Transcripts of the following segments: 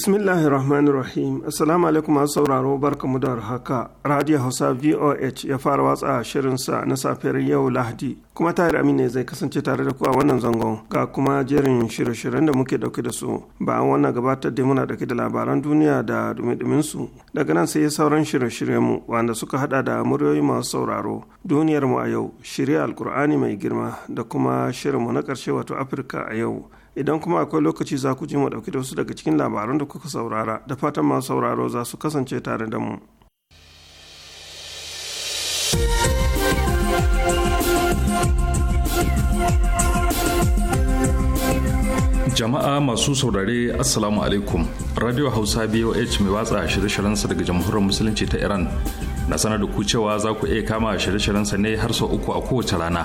bismillahi rahim assalamu alaikum masu sauraro barkamu da haka radio hausa voh ya fara watsa shirinsa na safiyar yau lahadi kuma tahir ne zai kasance tare da ku a wannan zangon ga kuma jerin shirye-shiryen da muke dauke da su ba bayan wannan gabatar da muna dauke da labaran duniya da dumi su daga nan sai sauran shirye-shiryen mu wanda suka hada da muryoyi masu sauraro duniyar mu a yau shirya alkur'ani mai girma da kuma shirin mu na karshe wato afirka a yau idan kuma akwai lokaci za ku ji mu ɗauki da wasu daga cikin labaran da kuka saurara da fatan masu sauraro za su kasance tare da mu jama'a masu saurare assalamu alaikum radio hausa boh mai watsa shirye sa daga jamhuriyar musulunci ta iran na sanar da ku cewa za ku iya kama shirye sa ne har sau uku a kowace rana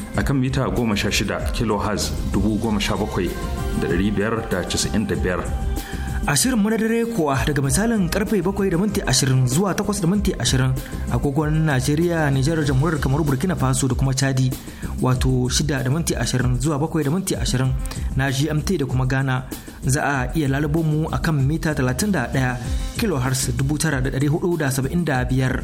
a kan mita 16 kHz 17,595. Ashirin madadare kuwa daga misalin karfe 7 da minti 20 zuwa 8 da minti 20 agogon Najeriya, Nijar, Jamhuriyar Kamaru, Burkina Faso da kuma Chadi wato 6 da minti 20 zuwa 7 da minti 20 na GMT da kuma Ghana za a iya lalubo mu a kan mita 31 kHz 9,475.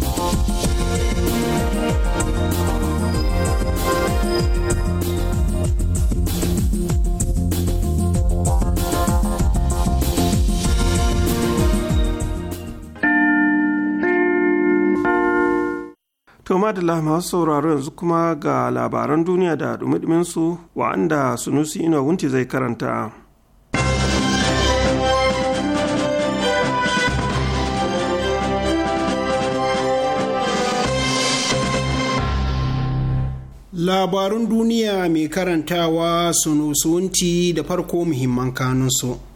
To madalla masu sauraro yanzu kuma ga labaran duniya da dumi su wa'anda Sunusi Ino Wunti zai karanta. Labarun duniya mai karantawa Sunusi Wunti da farko muhimman kanunsu.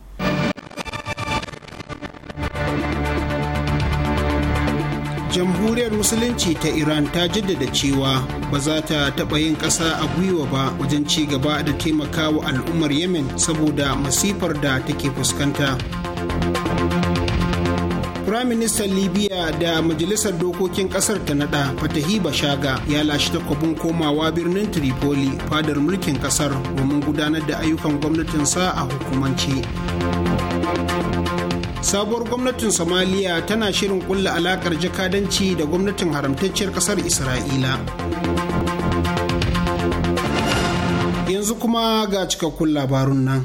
jamhuriyar musulunci ta iran ta jaddada cewa ba za ta taɓa yin ƙasa a gwiwa ba wajen ci gaba da taimakawa al'ummar yemen saboda masifar da take fuskanta Firaministan Libya da Majalisar Dokokin Ƙasar ta naɗa Fatahi Bashaga ya lashe takwabin komawa birnin Tripoli fadar mulkin ƙasar domin gudanar da ayyukan gwamnatinsa a hukumance. sabuwar gwamnatin somaliya tana shirin kulla alakar jakadanci da gwamnatin haramtacciyar kasar isra'ila yanzu kuma ga cikakkun labarun nan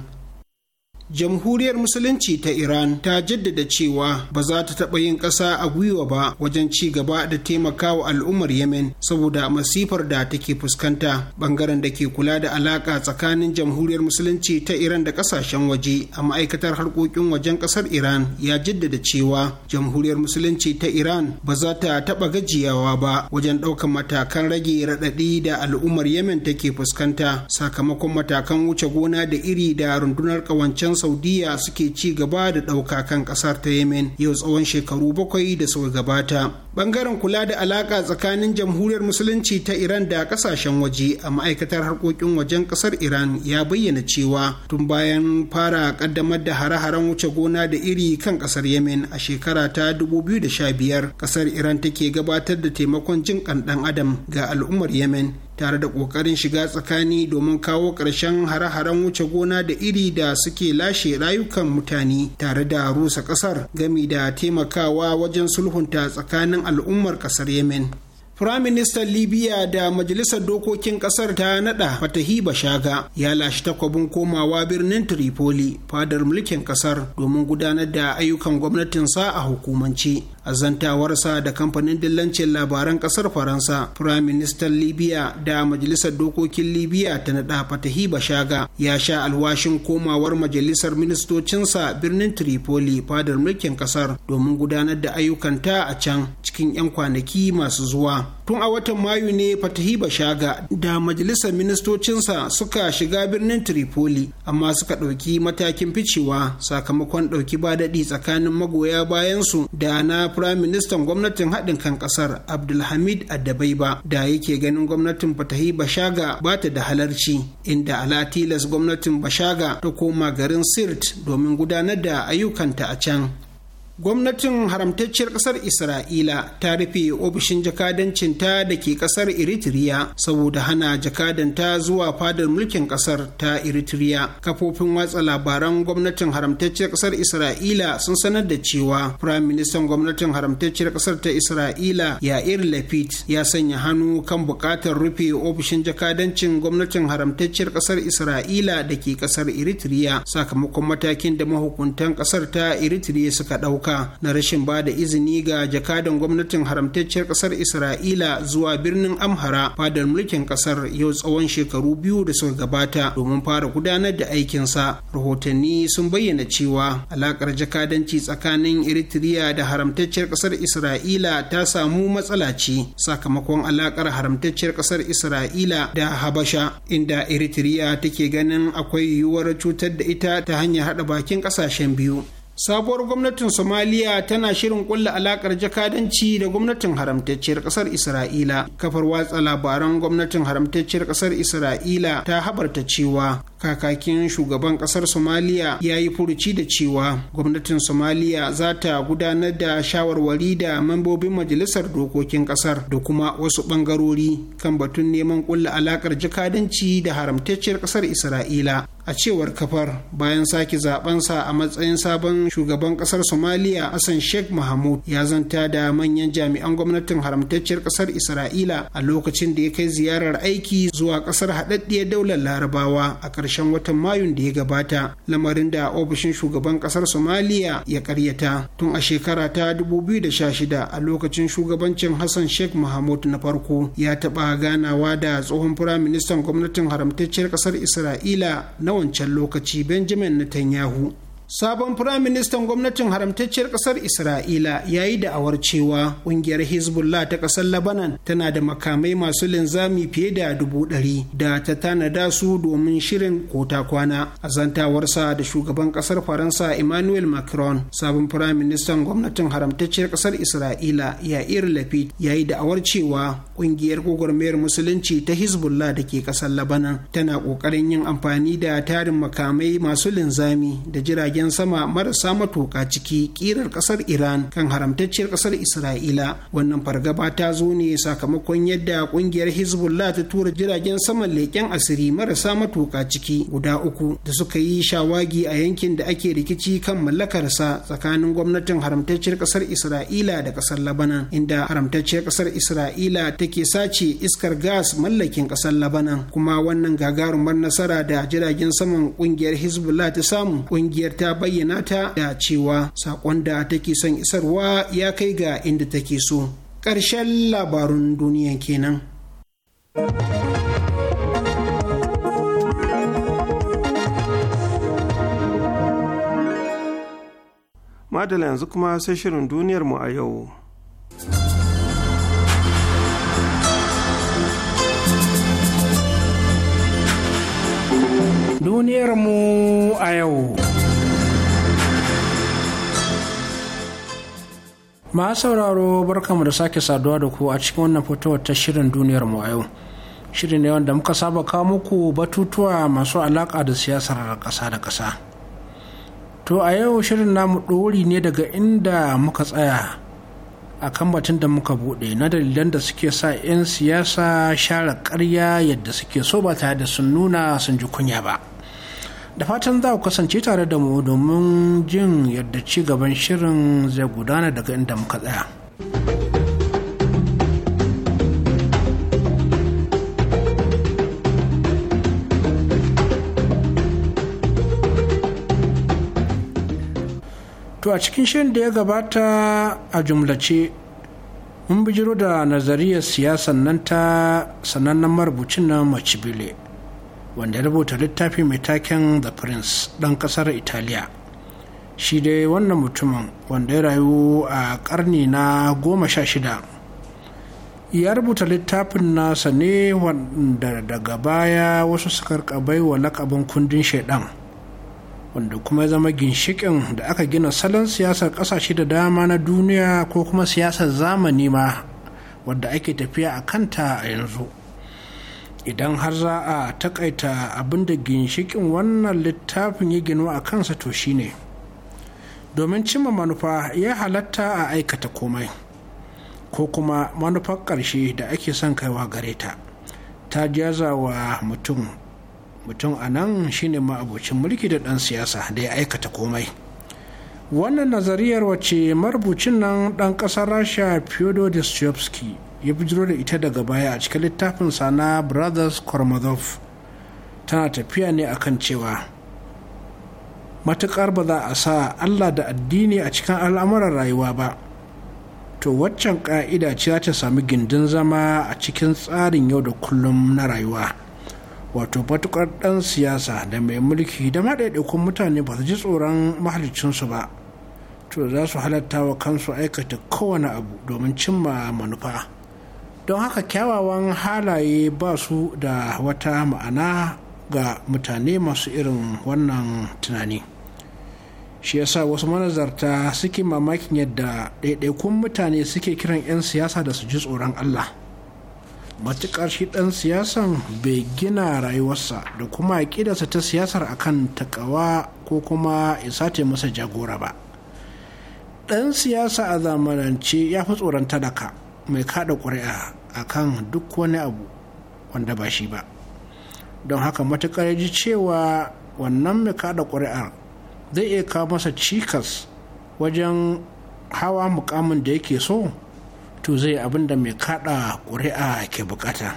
jamhuriyar musulunci ta iran ta jaddada cewa ba za ta taɓa yin ƙasa a gwiwa ba wajen ci gaba da taimakawa al'ummar yemen saboda masifar da take fuskanta bangaren da ke kula da alaƙa tsakanin jamhuriyar musulunci ta iran da ƙasashen waje a ma'aikatar harkokin wajen ƙasar iran ya jaddada cewa jamhuriyar musulunci ta iran ba za ta taɓa gajiyawa ba wajen ɗaukar matakan rage raɗaɗi da al'ummar yemen take fuskanta sakamakon matakan wuce gona da iri da rundunar ƙawancen saudiya suke ci gaba da ɗauka kan ƙasar ta yemen yau tsawon shekaru bakwai da suka gabata bangaren kula da alaƙa tsakanin jamhuriyar musulunci ta iran da ƙasashen waje a ma'aikatar harkokin wajen ƙasar iran ya bayyana cewa tun bayan fara ƙaddamar da hare-haren wuce gona da iri kan ƙasar yemen a shekara ta 2015 ƙasar iran take gabatar da taimakon jin kan dan adam ga al'ummar yemen tare da ƙoƙarin shiga tsakani domin kawo ƙarshen hare-haren wuce gona da iri da suke lashe rayukan mutane tare da rusa ƙasar gami da taimakawa wajen sulhunta tsakanin al'ummar ƙasar yemen Firaministan Libya da Majalisar Dokokin Ƙasar ta naɗa Fatahi Bashaga ya lashe takwabin komawa birnin Tripoli fadar mulkin ƙasar domin gudanar da ayyukan gwamnatinsa a hukumance. azantawarsa da kamfanin dillancin labaran kasar faransa prime minister libya da majalisar dokokin libya ta naɗa fatahi bashaga ya sha alwashin komawar majalisar ministocinsa birnin tripoli fadar mulkin kasar domin gudanar da ayyukanta a can cikin 'yan kwanaki masu zuwa tun a watan mayu ne fatahi bashaga da majalisar ministocinsa suka shiga birnin tripoli amma suka ɗauki matakin ficewa sakamakon ɗauki daɗi tsakanin magoya bayansu da na firayim ministan gwamnatin haɗin kan ƙasar abdulhamid addabaiba da yake ganin gwamnatin fatahi bashaga ba ta da halarci inda ala tilas gwamnatin bashaga ta koma garin sirt domin gudanar da ayyukanta a can gwamnatin haramtacciyar kasar isra'ila ta rufe ofishin jakadancinta da ke kasar eritrea saboda hana jakadanta zuwa fadar mulkin kasar ta eritrea kafofin watsa labaran gwamnatin haramtacciyar kasar isra'ila sun sanar da cewa prime minister gwamnatin haramtacciyar kasar ta isra'ila yair lapid ya sanya hannu kan bukatar rufe ofishin jakadancin gwamnatin haramtacciyar kasar isra'ila da ke kasar eritrea sakamakon matakin da mahukuntan kasar ta eritrea suka ɗauka haka na rashin ba da izini ga jakadan gwamnatin haramtacciyar ƙasar isra'ila zuwa birnin amhara fadar mulkin ƙasar yau tsawon shekaru biyu da suka gabata domin fara gudanar da aikinsa rahotanni sun bayyana cewa Alakar jakadanci tsakanin eritrea da haramtacciyar ƙasar isra'ila ta samu matsala ce sakamakon alakar haramtacciyar ƙasar isra'ila da habasha inda eritrea take ganin akwai yiwuwar cutar da ita ta hanyar haɗa bakin ƙasashen biyu sabuwar gwamnatin somaliya tana shirin kulla alakar jakadanci da gwamnatin haramtacciyar kasar isra'ila kafar watsa labaran gwamnatin haramtacciyar kasar isra'ila ta habarta cewa kakakin shugaban kasar somaliya ya yi furuci da cewa gwamnatin somaliya za ta gudanar da shawarwari da mambobin majalisar dokokin kasar da kuma wasu bangarori kan batun neman kulla alakar jakadanci da haramtacciyar kasar isra'ila a cewar kafar bayan sake zabensa a matsayin sabon shugaban kasar somaliya hassan sheikh mahmud ya zanta da manyan jami'an gwamnatin haramtacciyar kasar isra'ila a lokacin da ya kai ziyarar aiki zuwa kasar haɗaɗɗiyar daular larabawa a ƙarshen watan mayun da ya gabata lamarin da ofishin shugaban kasar somaliya ya karyata tun a shekara ta 2016 a lokacin shugabancin hassan sheikh mahmud na farko ya taɓa ganawa da tsohon firaministan gwamnatin haramtacciyar kasar isra'ila na na wancan lokaci benjamin netanyahu sabon firaministan gwamnatin haramtacciyar kasar isra'ila ya yi da'awar cewa kungiyar hezbollah ta kasar labanan tana da makamai masu linzami fiye da dubu ɗari da ta tanada su domin shirin kota kwana a zantawarsa da shugaban kasar faransa emmanuel macron sabon firaministan gwamnatin haramtacciyar kasar isra'ila yair lapid ya yi da'awar cewa kungiyar gwagwarmayar musulunci ta hezbollah da ke kasar labanan tana ƙoƙarin yin amfani da tarin makamai masu linzami da jiragen jiragen sama marasa matuƙa ciki ƙirar ƙasar Iran kan haramtacciyar ƙasar Isra'ila. Wannan fargaba ta zo ne sakamakon yadda ƙungiyar Hezbollah ta tura jiragen saman leƙen asiri marasa matuƙa ciki guda uku da suka yi shawagi a yankin da ake rikici kan mallakarsa tsakanin gwamnatin haramtacciyar ƙasar Isra'ila da ƙasar Labanan inda haramtacciyar ƙasar Isra'ila take sace iskar gas mallakin ƙasar Labanan kuma wannan gagarumar nasara da jiragen saman ƙungiyar Hezbollah ta samu ƙungiyar ta ta bayyana ta da cewa saƙon da take son isarwa ya kai ga inda take so ƙarshen labarun duniya kenan. Madala yanzu kuma sai shirin duniyarmu a yau. Duniyarmu a yau. ma sauraro barkamu da sake saduwa da ku a cikin wannan fitowa ta shirin duniyar mu a yau shirin ne wanda muka saba kawo muku batutuwa masu alaƙa da siyasar ƙasa da ƙasa to a yau shirin namu ɗori ne daga inda muka tsaya a kan batun da muka buɗe na dalilan da suke sa 'yan siyasa share ƙarya yadda suke so ba tare da sun nuna sun ji kunya ba da fatan za ku kasance tare da mu domin jin yadda ci gaban shirin zai gudana daga inda muka tsaya. To a cikin shirin da ya gabata a jumlace mun bijiro da nazariyar siyasan nan ta sanannen marubucin na macibile. wanda ya rubuta littafi mai taken the prince ɗan ƙasar italiya shi dai wannan mutumin wanda ya rayu a ƙarni na goma sha shida ya rubuta littafin nasa ne wanda daga baya wasu suka wa lakabin kundin shaidan wanda kuma ya zama ginshikin da aka gina salon siyasar ƙasashe da dama na duniya ko kuma siyasar zamani ma wadda ake tafiya a kanta a yanzu idan har za a takaita abin da ginshikin wannan littafin ya ginu a kansa to shine domin cimma manufa ya halatta a aikata komai ko kuma manufar ƙarshe da ake son kaiwa gare ta ta jaza wa mutum mutum a nan shine ma'abocin mulki da ɗan siyasa da ya aikata komai wannan nazariyar wacce marubucin nan ɗan ƙasar rasha fyodor dostoevsky ya bijiro da ita daga baya a cikin littafinsa na brothers kormazov tana tafiya ne a kan cewa matuƙar ba za a sa allah da addini a cikin al'amuran rayuwa ba to waccan ƙa'ida ce za ta sami gindin zama a cikin tsarin yau da kullum na rayuwa wato matuƙar ɗan siyasa da mai mulki da maɗaiɗaikun mutane ba su ji tsoron mahalicinsu ba to za su halatta wa kansu aikata kowane abu domin cimma manufa don haka kyawawan halaye ba su da wata ma'ana ga mutane masu irin wannan tunani shi yasa wasu manazarta suke mamakin yadda ɗaiɗaikun mutane suke kiran 'yan siyasa da su ji tsoron allah matuƙar shi ɗan siyasan bai gina rayuwarsa da kuma ƙidarsa ta siyasar a kan takawa ko kuma isa masa jagora ba ɗan siyasa a zamanance ya fi tsoron talaka mai kada ƙuri'a a kan duk wani abu wanda ba shi ba don haka matuƙar ji cewa wannan mai kada ƙuri'ar zai iya kawo masa cikas wajen hawa mukamin da yake so to zai abin da mai kada ƙuri'a ke bukata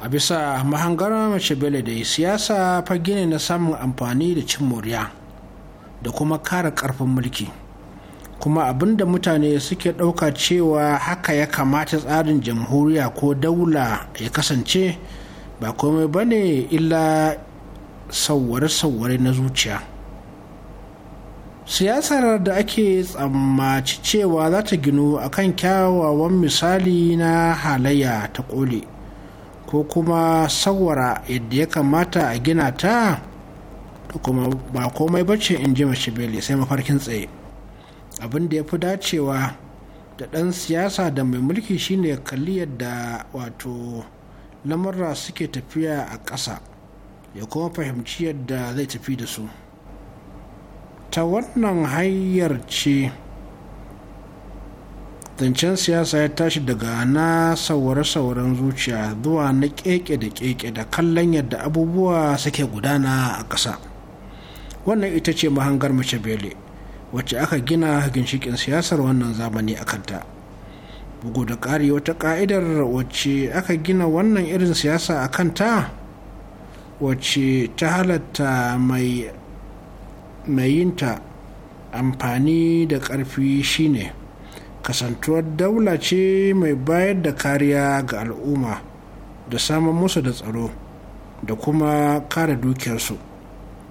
a bisa mahangara mace bele da siyasa fage ne na samun amfani da cin moriya da kuma kare ƙarfin mulki. kuma abin da mutane suke ɗauka cewa haka ya kamata tsarin jamhuriya ko daula ya kasance ba komai ba ne illa sauware-sauware na zuciya siyasar da ake tsammaci cewa za ta ginu kan kyawawan misali na halayya ta ƙole ko kuma sauwara yadda ya kamata a gina ta kuma ba komai bace in ji mashi beli, sai mafarkin tsaye abin da ya fi dacewa da ɗan siyasa da mai mulki shine kalli yadda wato lamurra suke tafiya a ƙasa ya kuma fahimci yadda zai tafi da su ta wannan hanyar ce zancen siyasa ya tashi daga na saurare-sauren zuciya zuwa na keke da keke da kallon yadda abubuwa suke gudana a ƙasa wannan ita ce mahangar mace bele wacce aka gina ginshikin siyasar wannan zamani a kanta bugu da ƙari wata ƙa'idar wacce aka gina wannan irin siyasa a kanta wacce ta halatta mai yinta amfani da ƙarfi shine kasantuwar daula ce mai bayar da kariya ga al'umma da samun musu da tsaro da kuma kare dukiyarsu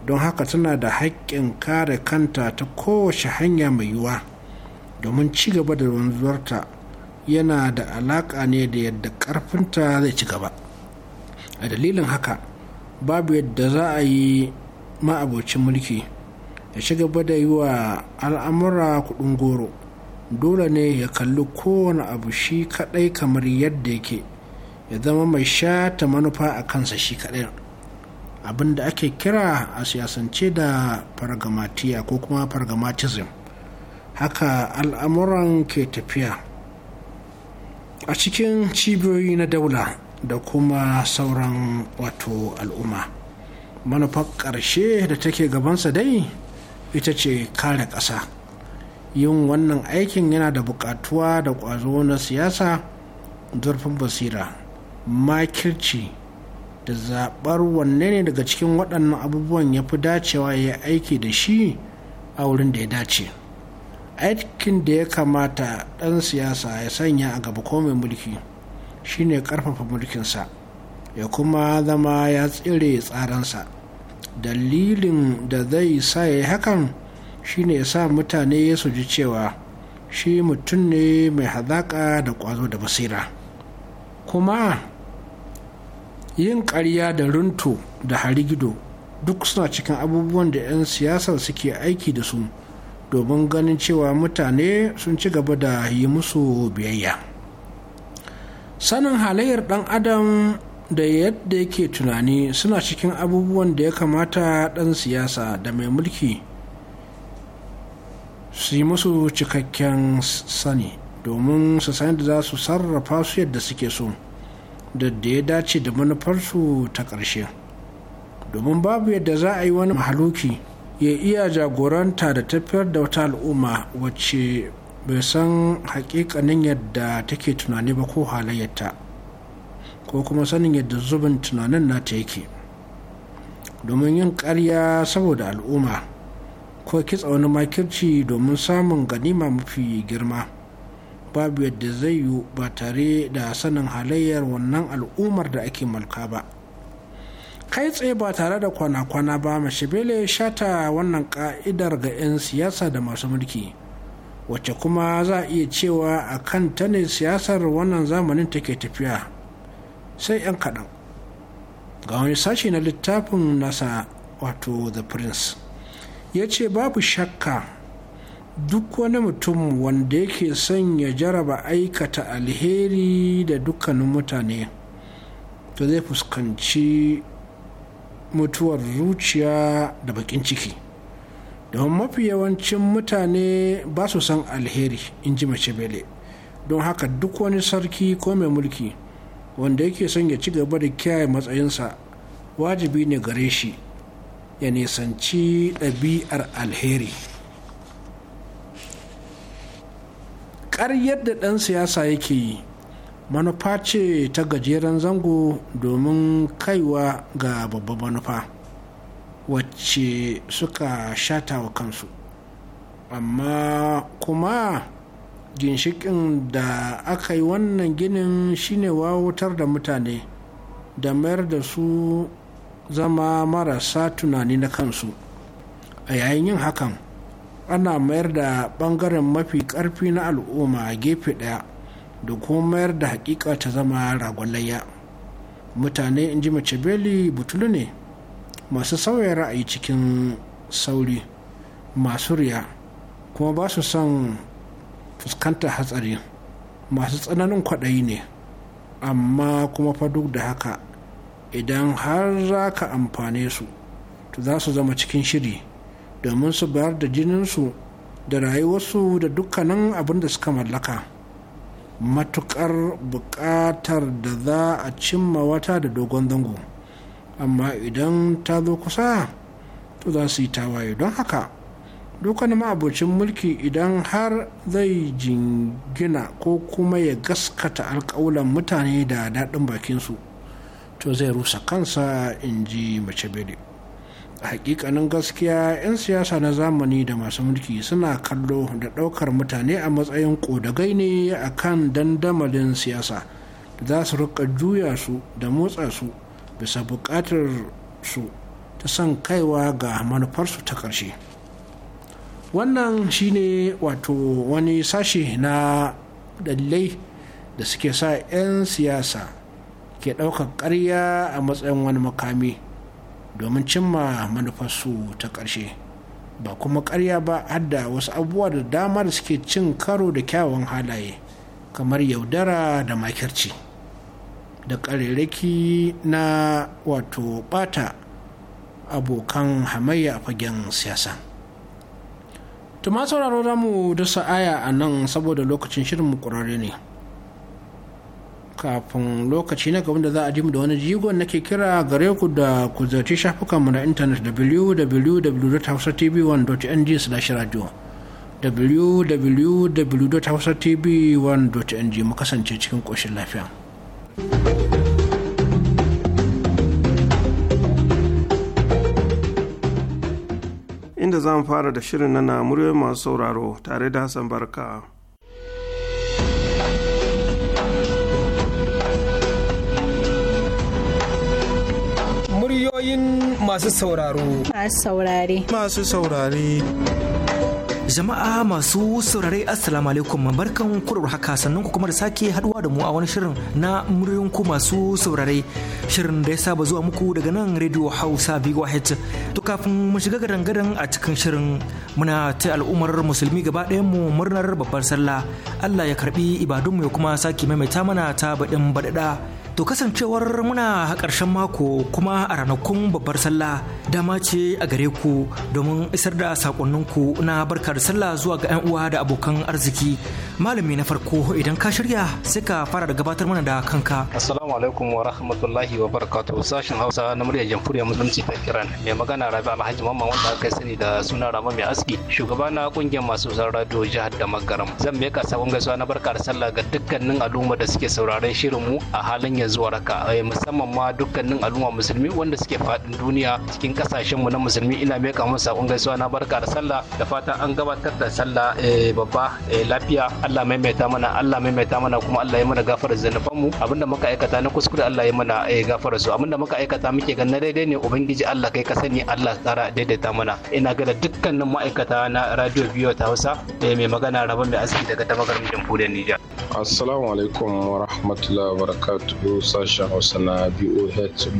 don haka tana da haƙƙin kare kanta ta kowace hanya mai yiwuwa domin ci gaba da wanzuwarta yana da alaƙa ne da yadda ƙarfinta zai ci gaba a dalilin haka babu yadda za a yi ma'abocin mulki ya ci gaba da yi wa al'amura kuɗin goro dole ne ya kalli kowane abu shi kaɗai kamar yadda yake ya zama mai shata manufa a kansa shi kaɗai abin da ake kira a siyasance da fargamatiya ko kuma fargamatism haka al'amuran ke tafiya a cikin cibiyoyi na daula da kuma sauran wato al'umma manufar ƙarshe da take gabansa dai ita ce kare ƙasa yin wannan aikin yana da buƙatuwa da ƙwazo na siyasa zurfin basira makirci da zaɓar wanne ne daga cikin waɗannan abubuwan ya fi dacewa ya aiki da shi a wurin da ya dace aikin da ya kamata ɗan siyasa ya sanya a gaba ko mai mulki shine ƙarfafa mulkinsa ya kuma zama ya tsire tsaransa dalilin da zai sa ya yi hakan shine ya sa mutane su ji cewa shi mutum ne mai hazaƙa da ƙwazo da basira kuma yin ƙarya da runto da harigido duk suna cikin abubuwan da 'yan siyasar suke aiki da su domin ganin cewa mutane sun ci gaba da yi musu biyayya sanin halayyar ɗan adam da yadda yake tunani suna cikin abubuwan da ya kamata ɗan siyasa da mai mulki su yi musu cikakken sani domin su san da za su sarrafa su yadda suke so da ya dace da manufarsu ta ƙarshe domin babu yadda za a yi wani mahaluki ya iya jagoranta da tafiyar da wata al'umma wacce bai san hakikanin yadda take tunani ba ko halayyarta ko kuma sanin yadda zubin tunanin nata yake domin yin karya saboda al'umma ko kitsa wani makirci domin samun ganima mafi girma babu yadda zai yiwu ba tare da sanin halayyar wannan al'ummar da ake mulka ba kai tsaye ba tare da kwana-kwana ba mashibele shata wannan ka'idar ga 'yan siyasa da masu mulki wacce kuma za a iya cewa a kan ta ne siyasar wannan zamanin take tafiya sai 'yan kaɗan ga wani sashi na littafin nasa wato the prince ya ce babu shakka duk wani mutum wanda yake son ya jaraba aikata alheri da dukkanin mutane to zai fuskanci mutuwar zuciya da bakin ciki don mafi yawancin mutane ba su san alheri in ji mace bele don haka duk wani sarki ko mai mulki wanda yake son ya ci gaba da kiyaye matsayinsa wajibi ne gare shi ya nisanci ɗabi'ar alheri Kar yadda ɗan siyasa yake yi manufa ce ta gajeren zango domin kaiwa ga babban manufa wacce suka shata wa kansu amma kuma ginshikin da aka yi wannan ginin shine wawutar da mutane da mayar da su zama marasa tunani na kansu a yayin yin hakan ana mayar da bangaren mafi karfi na al'umma gefe daya da kuma mayar da hakika ta zama ragwalayya mutane in ji mace beli butulu ne masu sauya ra'ayi cikin sauri masu riya kuma ba su son fuskantar hatsari masu tsananin kwaɗayi ne amma kuma fa duk da haka idan har za ka amfane su to za su zama cikin shiri domin su bayar da jininsu da rayuwarsu da dukkanin abin da suka mallaka matukar buƙatar da za a cimma wata da dogon zango amma idan ta zo kusa to za su yi tawaye don haka dukkanin ma'abocin mulki idan har zai jingina ko kuma ya gaskata alƙawulan mutane da daɗin bakinsu to zai rusa kansa in ji mace bele hakikanin gaskiya 'yan siyasa na zamani da masu mulki suna kallo da ɗaukar mutane a matsayin ƙodagai ne a kan dandamalin siyasa da za su rika juya su da motsa su bisa buƙatar su ta son kaiwa ga manufarsu ta ƙarshe wannan shine wato wani sashe na dalilai da suke sa 'yan siyasa ke ɗaukar ƙarya a matsayin wani makami domin cimma manufarsu ta ƙarshe ba kuma ƙarya ba hadda wasu abubuwa da dama da suke cin karo da kyawun halaye kamar yaudara da makirci da ƙarerraki na wato ɓata abokan hamayya a fagen siyasa tuma sauraro za mu dasa aya a nan saboda lokacin shirin mu ne kafin lokaci na gaban da za a ji mu da wani jigon nake kira gare ku da ku shafukan shafukanmu na intanet www.hausatv1.ng/radio www.hausatv1.ng mu kasance cikin koshin lafiya. Inda za mu fara da shirin na muryoyin masu sauraro tare da hasan Barka. ra'ayoyin masu sauraro. Masu saurare. Masu saurare. Jama'a masu saurare Assalamu alaikum barkan kurar haka sannan ku kuma da sake haduwa da mu a wani shirin na muryoyin ku masu saurare shirin da ya saba zuwa muku daga nan Radio Hausa VOH to kafin mu shiga gadan gadan a cikin shirin muna ta al'ummar musulmi gaba ɗayan mu murnar babbar sallah Allah ya karbi ibadun mu ya kuma sake maimaita mana ta baɗin baɗaɗa To kasancewar muna ƙarshen mako kuma a ranakun babbar sallah dama ce a gare ku domin isar da sakonninku na barkar sallah zuwa ga 'yan uwa da abokan arziki. Malami na farko idan ka shirya sai ka fara da gabatar mana da kanka. Assalamu alaikum wa rahmatullahi wa barakatuh. Sashen Hausa na murya Jamhuriyar Musulunci ta Iran. Mai magana Rabi Alhaji Mamman wanda aka sani da suna Rama Mai Aski, shugaba na kungiyar masu sauraron radio jihar da Magaram. Zan mika sabon gaisuwa na barkar sallah ga dukkanin al'umma da suke sauraron shirin mu a halin hanyar zuwa raka eh, musamman ma dukkanin al'umma musulmi wanda suke faɗin duniya cikin kasashen mu na musulmi ina mai musu sakon gaisuwa na barka da sallah da fatan an gabatar da sallah eh, babba eh, lafiya Allah maimaita mana Allah maimaita mana kuma Allah ya mana gafara zanafan mu abinda muka aikata na kuskure Allah ya mana gafara su abinda muka aikata muke ganin daidai ne ubangiji Allah kai ka sani Allah kara daidaita mana ina ga da dukkanin ma'aikata na radio biyo ta Hausa mai magana rabon mai aski daga tabagar mu jamhuriyar Nijar assalamu alaikum wa rahmatullahi wa barakatuhu sashen hausa na boh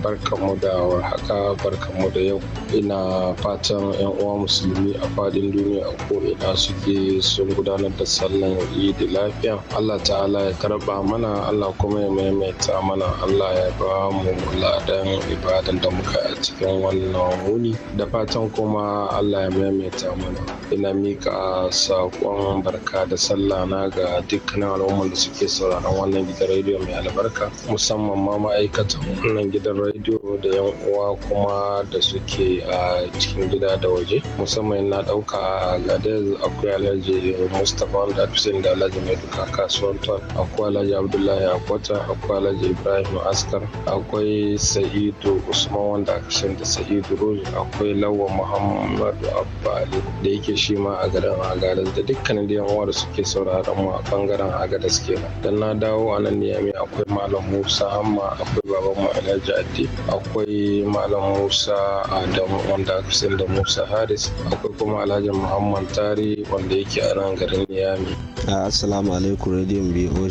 barkanmu da warhaka barkanmu da yau ina fatan yan uwa musulmi a fadin duniya ko ina suke sun gudanar da sallan da lafiya allah ta'ala ya karba mana allah kuma ya maimaita mana allah ya ba mu ladan ibadan da muka a cikin wannan wuni da fatan kuma allah ya maimaita mana ina mika sakon barka da sallah na ga dukkanin al'ummar da suke sauraron wannan gidan rediyo mai albarka musamman ma ma'aikatan wannan gidan rediyo da yan uwa kuma da suke a cikin gida da waje musamman na ɗauka a gadez akwai alhaji mustapha da hussein da alhaji mai duka kasuwar akwai alhaji abdullahi akwata akwai alhaji ibrahim askar akwai sa'idu usman wanda aka san da sa'idu roji akwai lawan muhammadu abbali da yake shi ma a garin agadez da dukkanin da yan uwa da suke sauraron mu a bangaren agadez kenan dan na dawo a nan niyami akwai malam musa musa hamma akwai babanmu alhaji addi akwai malam musa adamu wanda aka sani da musa haris akwai kuma alhaji muhammad tari wanda yake a nan garin yami ah, assalamu alaikum radio boh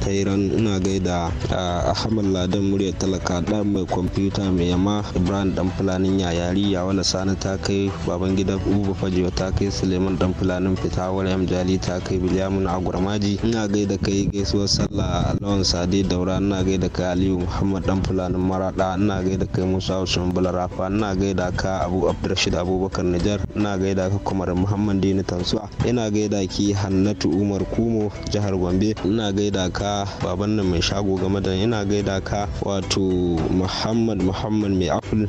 ta iran ina gaida ah, ahmad ladan murya talaka dan mai kwamfuta mai yama ibrahim dan fulanin yayari ya wani sani ta kai baban gidan uba fajiwa ta kai suleiman dan fulanin fita wani jali ta kai biliyamun agurmaji ina gaida kai gaisuwar sallah alawan sade daura ina gaida ka aliyu muhammad dan fulani maraɗa ina gaida kai musa usman balarafa ina gaida ka abu abdurrashid abubakar nijar ina gaida ka kumar muhammad dini tansuwa ina gaida ki hannatu umar kumo jihar gombe ina gaida ka baban nan mai shago game da ina gaida ka wato muhammad muhammad mai afl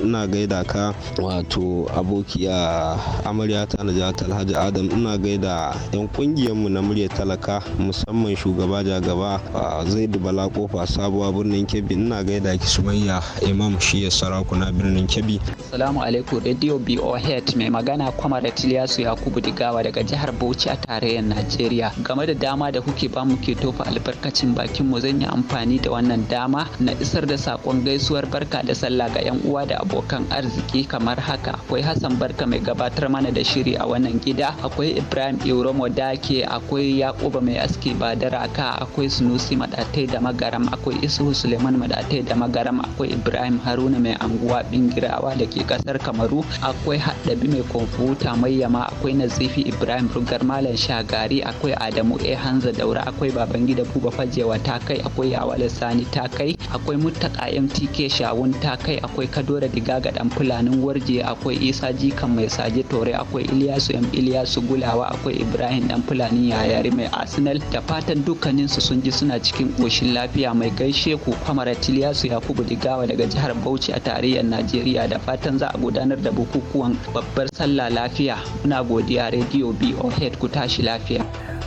ina gaida ka wato abokiya amarya ta najat alhaji adam ina gaida yan mu na murya talaka musamman shugaba jagaba zaidu bala kofa sabuwa birnin kebbi ina gaida ki sumayya imam shi ya sarakuna birnin kebbi Salamu alaikum radio Head mai magana kwamar tiliyasu yakubu digawa daga jihar bauchi a tarayyar najeriya game da dama da kuke ba mu ke tofa albarkacin bakin mu zan yi amfani da wannan dama na isar da sakon gaisuwar barka da sallah ga yan uwa da abokan arziki kamar haka akwai hassan barka mai gabatar mana da shiri a wannan gida akwai ibrahim iromo dake akwai yakuba mai aski badaraka akwai sunusi madatai da maga magaram akwai isuhu suleiman madatai da magaram akwai ibrahim haruna mai anguwa bingirawa da ke kasar kamaru akwai haɗabi mai kwamfuta mai yama akwai nazifi ibrahim rugar malam shagari akwai adamu a hanza daura akwai babangida buba fajewa ta kai akwai yawale sani ta kai akwai muttaka mtk shawun ta kai akwai kadora Digaga dan fulanin warje akwai isa jikan mai saje tore akwai iliyasu m iliyasu gulawa akwai ibrahim dan fulanin yayari mai arsenal da fatan dukkaninsu sun ji suna cikin ƙoshin lafiya lafiya mai gaishe ku Kwamar tiliyasu yakubu digawa daga jihar bauchi a tarayyar najeriya da fatan za a gudanar da bukukuwan babbar sallah lafiya muna godiya rediyo boh ku tashi lafiya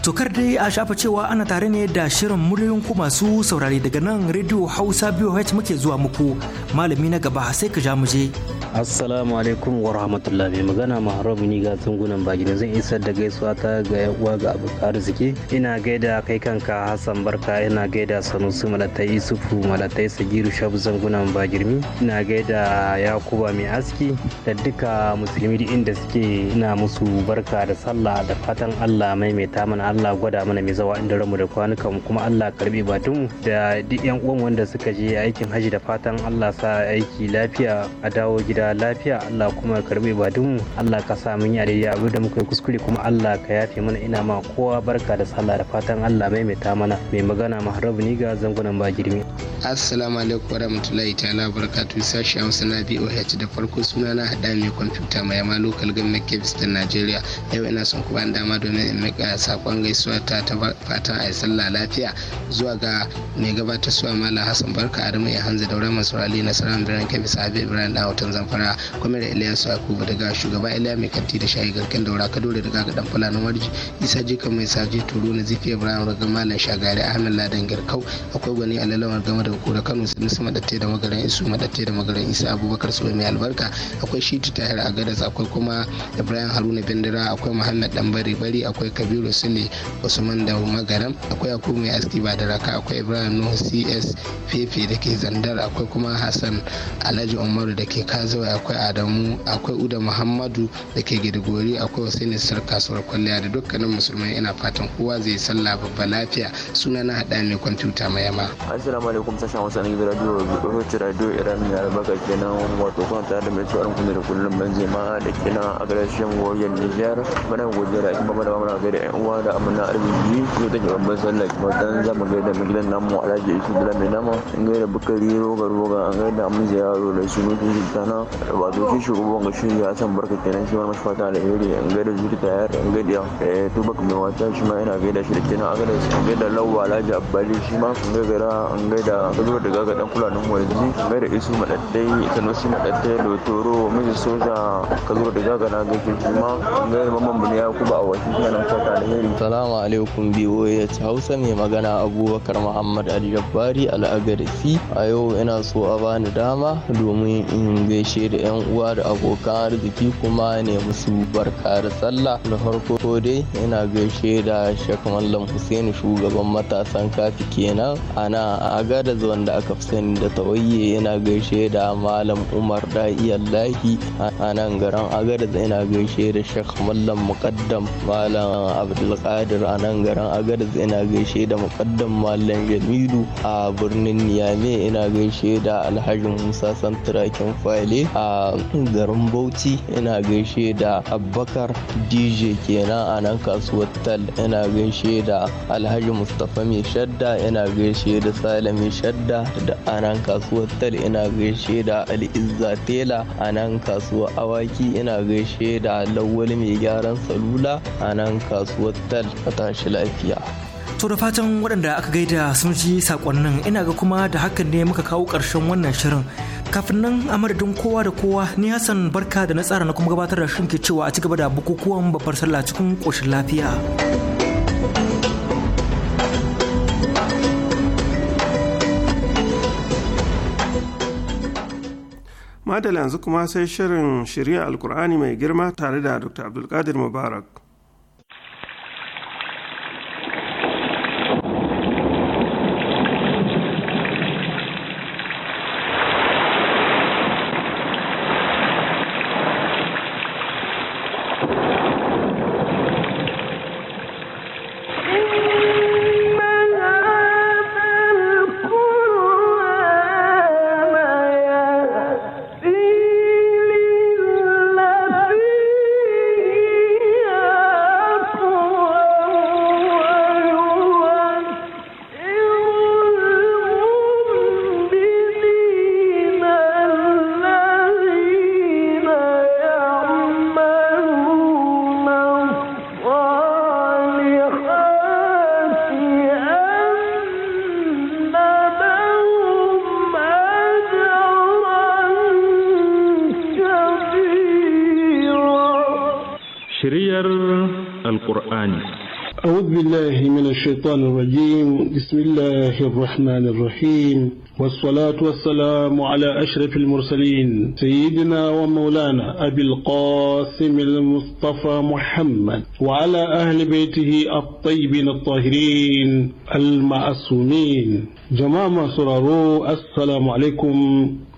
Tokar dai a shafa cewa ana tare ne da shirin muryoyin ku masu saurare daga nan Radio Hausa BOH muke zuwa muku malami na gaba sai ka ja mu je. assalamu alaikum wa rahmatullahi mai magana maharabu ni ga tungunan baki da zan isar da gaisuwa ta ga yan ga abu arziki ina gaida kai kanka hassan barka ina gaida sanusi malatai isufu malatai sagiru shabu zangunan bagirmi ina gaida yakuba mai aski da duka musulmi inda suke ina musu barka da sallah da fatan allah maimaita mana Allah gwada mana mai zawa inda ranmu da kwanukan kuma Allah karbi batun da duk yan uwan wanda suka je aikin haji da fatan Allah sa aiki lafiya a dawo gida lafiya Allah kuma karbi batun Allah ka sa mun yi daidai abu da muka yi kuskure kuma Allah ka yafe mana ina ma kowa barka da sallah da fatan Allah mai mai mana mai magana maharabu ni ga zangunan ba girmi assalamu alaikum warahmatullahi ta'ala barakatuh sashi hamsa na BOH da farko suna na hada mai kwamfuta mai ma local government kebis ta Najeriya yau ina son kuma dama domin in mika sakon sakon gaisuwa ta fata a yi sallah lafiya zuwa ga mai gabatar suwa mala hassan barka adamu ya hanzu daura masu rali na sarar biran kebbi sabi ibrahim da hoton zamfara kwamar su yakubu daga shugaba iliya mai kanti da shayi garkin daura kadore daga ga dan fulani warji isa jika mai saji turu na zifi ibrahim daga malam shagari ahmed ladan girkau akwai gwani lalawar gama da kura kano sinusu madatte da magaran isu madatte da magaran isa abubakar su mai albarka akwai shitu a gadas akwai kuma ibrahim haruna bindira akwai muhammad dan bari bari akwai kabiru sule usman da magaram akwai aku mai aski ba da raka akwai ibrahim nuhu cs fefe da ke zandar akwai kuma hassan alhaji umaru da ke kazawa akwai adamu akwai uda muhammadu da ke gidigori akwai wasu sar kasuwar kwalliya da dukkanin musulmai ina fatan kowa zai sallah babba lafiya suna na haɗa mai kwamfuta mai yama. assalamu alaikum sashen wasu na gidan radio rubutu radio iran raba albarka kenan wato kan tare da mai tsoron kuma da kullum ban ma da kenan a garashin warrior niger muna gobe da kuma mana mana gaida yan uwa da mu na arziki yau take babban sallah kuma dan za mu gaida mu gidan namu alhaji isu bala mai nama in gaida bukari roga roga an gaida mu yaro da su mutum sultana wato shi shugaban ga shi ya san barka kenan shi ma mashi fata alheri in gaida zuri tayar in gaida eh to baka mai wata shi ma yana gaida shi da kenan agada in gaida lawa alhaji abbali shi ma in gaida an gaida zuwa daga ga dan kula nan waje in gaida isu madaddai shi madaddai da toro miji soja ka zuwa daga ga na gaishe shi ma an gaida mamman buniya kuma a wasu kenan fata alheri Assalamu alaikum BOH Hausa mai magana Abubakar Muhammad Ali Jabbari al'agarfi A yau ina so a bani dama domin in gaishe da 'yan uwa da abokan arziki kuma ne musu barka da sallah. na farko dai ina gaishe da Sheikh Mallam Hussein shugaban matasan kafi kenan. Ana a Agadez wanda aka fi sani da tawayye ina gaishe da Malam Umar iyallahi a nan garin ina gaishe da Sheikh Mallam Muqaddam Malam Abdulkadir Abdulkadir a nan garin Agadez ina gaishe da muƙaddam Mallam Jamilu a birnin Niyame ina gaishe da Alhaji Musa Santirakin Fale a garin Bauchi ina gaishe da Abubakar DJ kenan a nan kasuwar Tal ina gaishe da Alhaji Mustapha Mai Shadda ina gaishe da Sale Mai Shadda da a nan kasuwar Tal ina gaishe da al'izza Tela a nan kasuwar Awaki ina gaishe da Lawal Mai Gyaran Salula a nan kasuwar Tal fata tashi lafiya. To da fatan waɗanda aka gaida sun ji sakonnin ina ga kuma da hakan ne muka kawo ƙarshen wannan shirin. Kafin nan a madadin kowa da kowa ni Hassan barka da na tsara na kuma gabatar da shirin ke cewa a cigaba da bukukuwan babbar sallah cikin ƙoshin lafiya. Madalla yanzu kuma sai shirin shirya Alkur'ani mai girma tare da Dr. Abdulkadir Mubarak. بالله من الشيطان الرجيم بسم الله الرحمن الرحيم والصلاة والسلام على أشرف المرسلين سيدنا ومولانا أبي القاسم المصطفى محمد وعلى أهل بيته الطيبين الطاهرين المعصومين جماعة سرارو السلام عليكم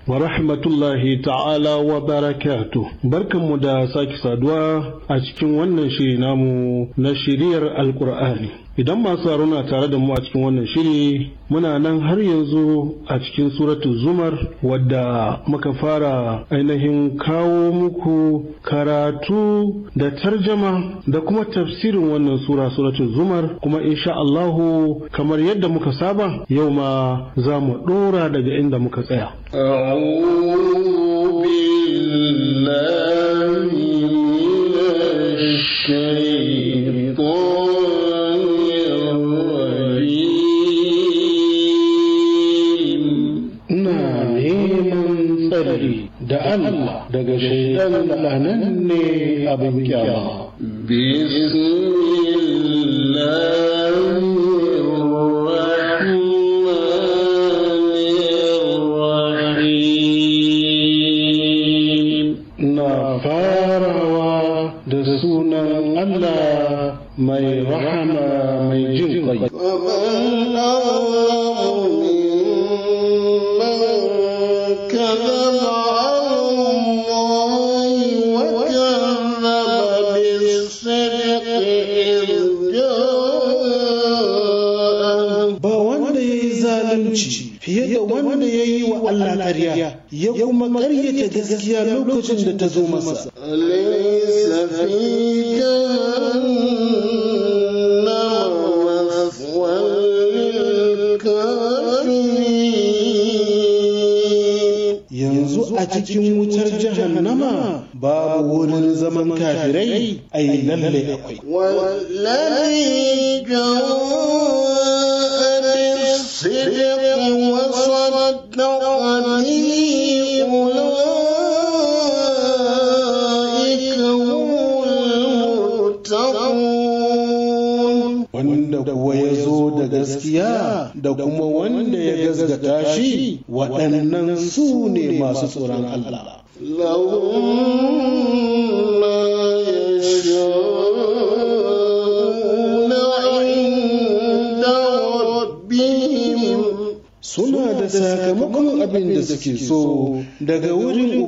wa rahmatullahi ta'ala wa barakatuh barkanmu da sake saduwa a cikin wannan shiri namu na shiriyar alkur'ani idan masu na tare da mu a cikin wannan shiri muna nan har yanzu a cikin suratu zumar wadda muka fara ainihin kawo muku karatu da tarjama da kuma tafsirin wannan sura suratu zumar kuma in sha Allahu kamar yadda muka saba yau ma za mu ɗora daga inda muka tsaya. بالله da Allah daga shaidan lanan ne abin kyama bismillah mai rahama lokacin da ta zo masa yanzu a cikin wutar jihar nama babu wurin zaman kafirai yi lalle akwai سوران الله لهم يشاءون عند ربهم سنة ساكمكم أبن دسكي سو دقورين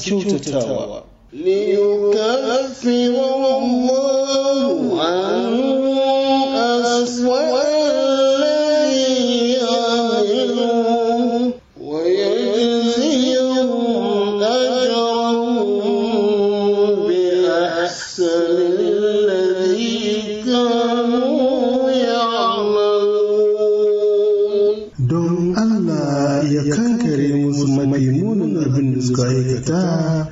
秋，秋，秋。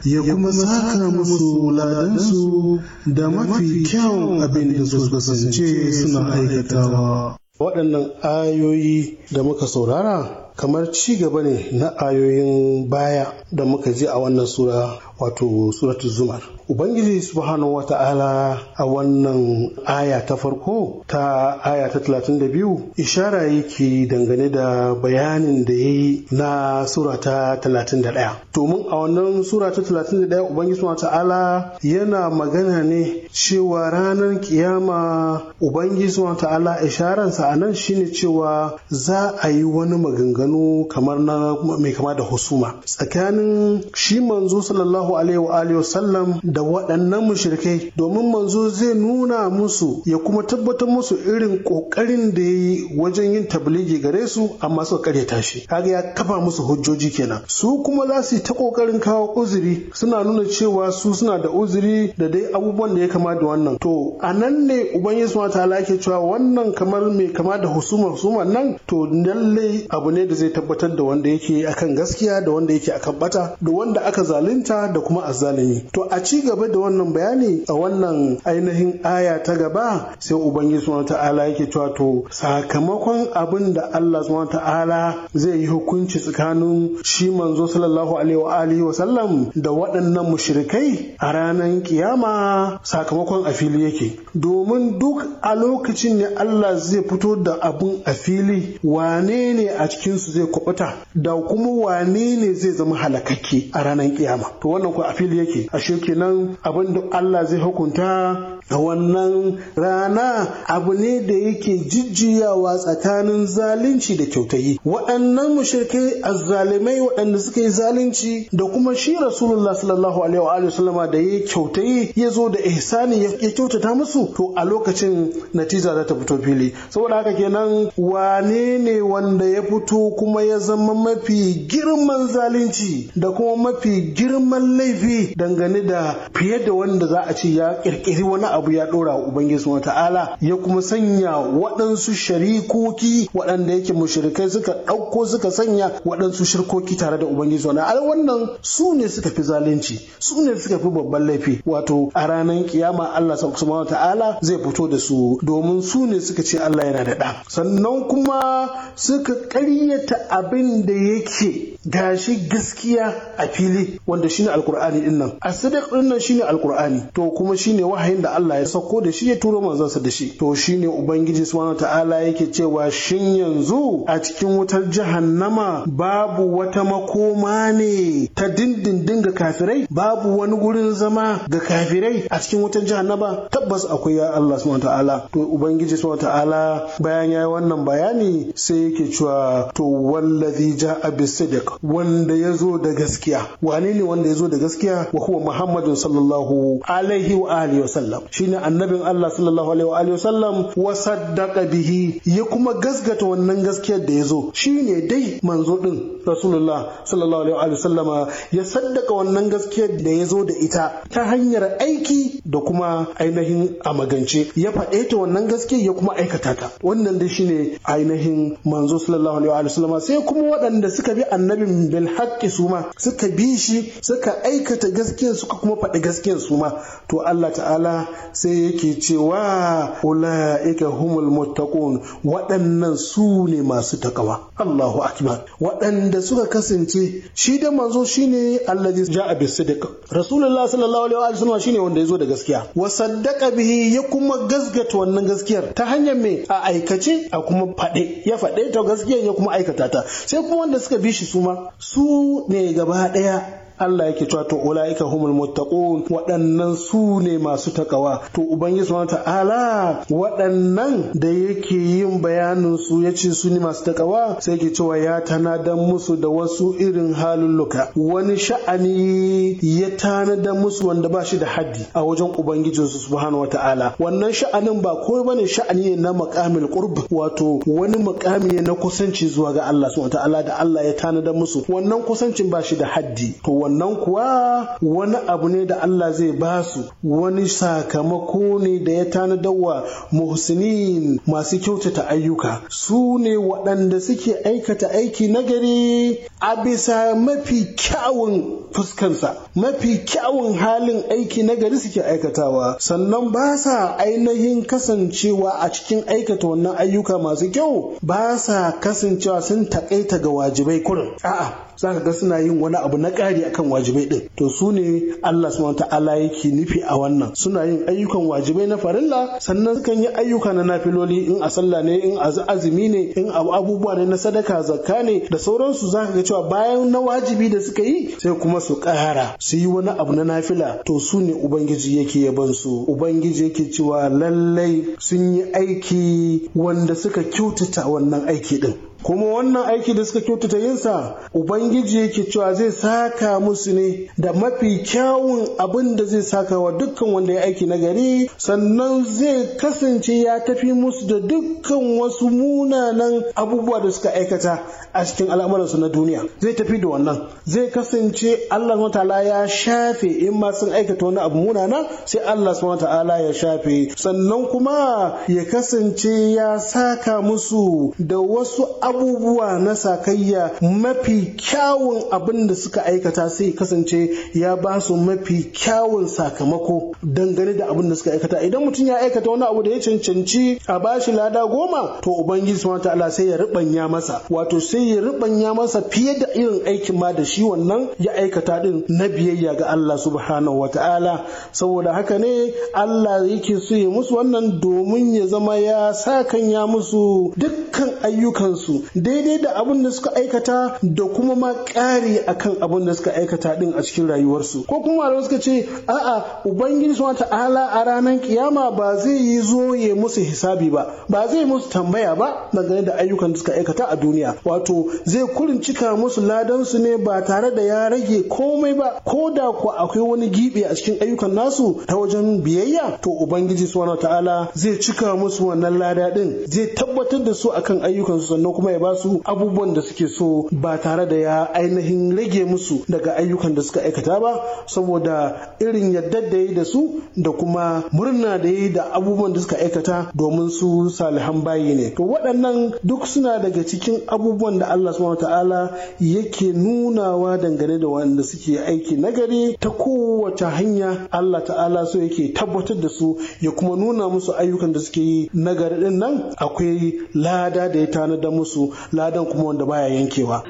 ya kuma saka musu ladansu da mafi kyau abin da su kasance suna aikatawa. Waɗannan ayoyi da muka saurara kamar ci gaba ne na ayoyin baya da muka ji a wannan sura wato suratul zumar ubangiji subhanahu wa ta'ala a wannan aya ta farko ta aya ta 32 ishara yake dangane da bayanin da ya yi na sura ta 31 domin a wannan sura ta 31 ubangiji subhanahu wa ta'ala yana magana ne cewa ranar kiyama ubangiji subhanahu wa ta'ala isharansa a nan shine cewa za a yi wani maganganu kamar na mai kama da husuma tsakanin shi manzo sallallahu sallallahu alaihi wa alihi wasallam da waɗannan mushrikai domin manzo zai nuna musu ya kuma tabbatar musu irin ƙoƙarin da ya yi wajen yin tabligi gare su amma suka karyata shi kaga ya kafa musu hujjoji kenan su kuma za su yi ta kokarin kawo uzuri suna nuna cewa su suna da uzuri da dai abubuwan da ya kama da wannan to a nan ne ubangiji subhanahu ta yake cewa wannan kamar mai kama da husuma husuma nan to lalle abu ne da zai tabbatar da wanda yake akan gaskiya da wanda yake akan bata da wanda aka zalunta da da kuma azzalimi to a ci gaba da wannan bayani a wannan ainihin aya ta gaba sai ubangiji subhanahu ta'ala yake cewa to sakamakon abin da Allah subhanahu ta'ala zai yi hukunci tsakanin shi manzo sallallahu alaihi wa alihi wa sallam da waɗannan mushrikai a ranar kiyama sakamakon a fili yake domin duk a lokacin ne Allah zai fito da abun a fili wane ne a cikinsu zai kwabuta da kuma wane ne zai zama halakakke a ranar kiyama wannan ku a fili yake shirki nan abin da Allah zai hukunta a wannan rana abu ne da yake jijjiyawa tsakanin zalunci da kyautayi waɗannan mushrikai azzalimai waɗanda suka yi zalunci da kuma shi rasulullah sallallahu alaihi wa alihi sallama da ya kyautayi ya zo da ihsani ya kyautata musu to a lokacin natija za ta fito fili saboda haka kenan wane ne wanda ya fito kuma ya zama mafi girman zalunci da kuma mafi girman laifi dangane da fiye da wanda za a ce ya kirkiri wani abu ya dora wa ubangiji wa ta'ala ya kuma sanya waɗansu sharikoki waɗanda yake mushrikai suka ɗauko suka sanya waɗansu shirkoki tare da ubangiji wa ta'ala wannan su ne suka fi zalunci su ne suka fi babban laifi wato a ranar kiyama Allah subhanahu wa ta'ala zai fito da su domin su ne suka ce Allah yana da ɗa sannan kuma suka ƙaryata abin da yake gashi gaskiya a fili wanda shine alkur'ani din nan sadiq din nan shine alkur'ani to kuma shine wahayin da Allah ya sauko da shi ya turo manzansa da shi to shine ubangiji subhanahu ta'ala yake cewa shin yanzu a cikin wutar jahannama babu wata makoma ne ta dindindin ga kafirai babu wani gurin zama ga kafirai a cikin wutar jahannama tabbas akwai ya Allah subhanahu ta'ala to ubangiji subhanahu ta'ala bayan yayi wannan bayani sai yake cewa to wallazi ja'a bisidiq wanda yazo da gaskiya wane ne wanda yazo da gaskiya wa huwa Muhammadun sallallahu alaihi wa alihi wasallam shine annabin Allah sallallahu alaihi wa alihi wasallam wa saddaqa bihi ya kuma gasgata wannan gaskiyar da ya zo shine dai manzo din rasulullah sallallahu alaihi sallama ya saddaka wannan gaskiyar da ya zo da ita ta hanyar aiki da kuma ainihin a magance ya faɗe ta wannan gaskiyar ya kuma aikata ta wannan dai shine ainihin manzo sallallahu alaihi sallama sai kuma waɗanda suka bi annabin bil haqqi ma suka bi shi suka aikata gaskiyar suka kuma faɗi gaskiyar su ma to Allah ta'ala sai yake cewa ula'ika humul muttaqun waɗannan su ne masu takawa Allahu akbar waɗanda da suka kasance shi da manzo shine allazi ja'a bis sidq rasulullah sallallahu alaihi wa sallam shine wanda yazo da gaskiya wa saddaqa bihi ya kuma gasgata wannan gaskiyar ta hanyar mai a aikace a kuma faɗe ya faɗe ta gaskiyar ya kuma aikata ta sai kuma wanda suka bi shi su ma su ne gaba ɗaya Allah yake cewa to ulaika humul muttaqun waɗannan su ne masu takawa to ubangiji subhanahu ta'ala waɗannan da yake yin bayanin su yace su ne masu takawa sai yake cewa ya tanadan musu da wasu irin halulluka wani sha'ani ya tanada musu wanda ba shi da haddi a wajen ubangijin su subhanahu wata'ala wannan sha'anin ba ko bane sha'ani ne na maqamil qurb wato wani maqami ne na kusanci zuwa ga Allah subhanahu wata'ala da Allah ya tanada musu wannan kusancin ba shi da haddi to wannan kuwa wani abu ne da Allah zai ba su wani sakamako ne da ya dawa muhsinin masu kyautata ayyuka su ne waɗanda suke aikata aiki nagari a bisa mafi kyawun fuskansa mafi kyawun halin aiki nagari suke aikatawa sannan ba sa ainihin kasancewa a cikin aikata wannan ayyuka masu kyau ba sa kasancewa sun taƙaita ga wajibai kurin a'a za ka ga suna yin wani abu na ƙari a Ayyukan wajibai din to su ne Allah subhanahu ta'ala yake nufi a wannan suna yin ayyukan wajibai na farilla sannan kan yi ayyuka na nafiloli in a sallah ne in azumi ne in abubuwa ne na sadaka zakka ne da sauransu za ka ga cewa bayan na wajibi da suka yi sai kuma su ƙara su yi wani abu na nafila to su ne ubangiji yake yaban su ubangiji yake cewa lallai sun yi aiki wanda suka kyautata wannan aiki ɗin. kuma wannan aiki da suka kyautata yinsa ubangiji yake cewa zai saka musu ne da mafi kyawun abin da zai saka wa dukkan wanda ya aiki nagari sannan zai kasance ya tafi musu da dukkan wasu munanan abubuwa da suka aikata a cikin al'amuransu na duniya zai tafi da wannan zai kasance allah ta'ala ya shafe in ma sun aikata wani abu munana sai allah ta'ala ya shafe sannan kuma ya kasance ya saka musu da wasu abubuwa na sakayya mafi kyawun abin da suka aikata sai kasance ya ba su mafi kyawun sakamako dangane da abin da suka aikata idan mutum ya aikata wani abu da ya cancanci a bashi lada goma to ubangiji suna ta'ala sai ya ribanya masa wato sai ya ribanya masa fiye da irin aikin ma da shi wannan ya aikata din na biyayya ga Allah subhanahu wata'ala saboda haka ne Allah yake so ya musu wannan domin ya zama ya sakanya musu dukkan ayyukansu daidai da abin da suka aikata da kuma ma ƙari akan abin da suka aikata din a cikin rayuwarsu ko kuma malamai suka ce a'a ubangiji subhanahu ta'ala a ranar kiyama ba zai yi zo ya musu hisabi ba ba zai musu tambaya ba dangane da ayyukan da suka aikata a duniya wato zai kurin cika musu su ne ba tare da ya rage komai ba ko da kuwa akwai wani gibe a cikin ayyukan nasu ta wajen biyayya to ubangiji subhanahu ta'ala zai cika musu wannan lada din zai tabbatar da su akan ayyukansu sannan kuma kuma ya ba su abubuwan da suke so ba tare da ya ainihin rage musu daga ayyukan da suka aikata ba saboda irin yadda da yi da su da kuma murna da yi da abubuwan da suka aikata domin su salihan bayi ne to waɗannan duk suna daga cikin abubuwan da Allah subhanahu ta'ala yake nunawa dangane da wanda suke aiki nagari ta kowace hanya Allah ta'ala so yake tabbatar da su ya kuma nuna musu ayyukan da suke yi nagari din nan akwai lada da ya tanada musu su ladan kuma wanda baya yankewa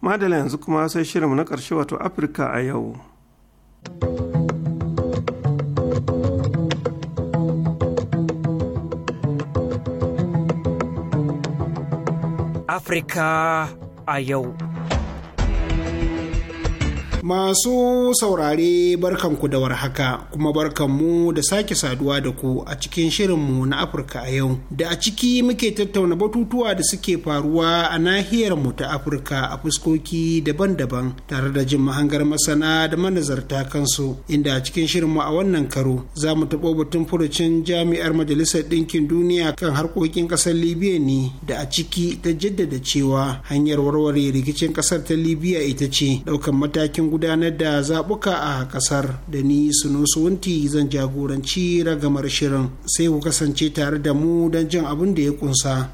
madala yanzu kuma sai shirinmu na ƙarshe wato afirka a yau Afirka a yau. Masu saurare barkanku da warhaka kuma barkanmu da sake saduwa da ku a cikin shirinmu na Afirka a yau. Da a ciki muke tattauna batutuwa da suke faruwa a nahiyarmu ta Afirka a fuskoki daban-daban tare da jin mahangar masana da manazarta kansu inda a cikin shirinmu a wannan karo za mu taɓo batun furucin jami'ar Majalisar Ɗinkin Duniya kan harkokin ƙasar Libya ne da a ciki ta jaddada cewa hanyar warware rikicin ƙasar ta Libya ita ce ɗaukan matakin gudanar da zaɓuka a ƙasar da ni suno wunti zan jagoranci ragamar shirin sai ku kasance tare da mu don jin abin da ya kunsa.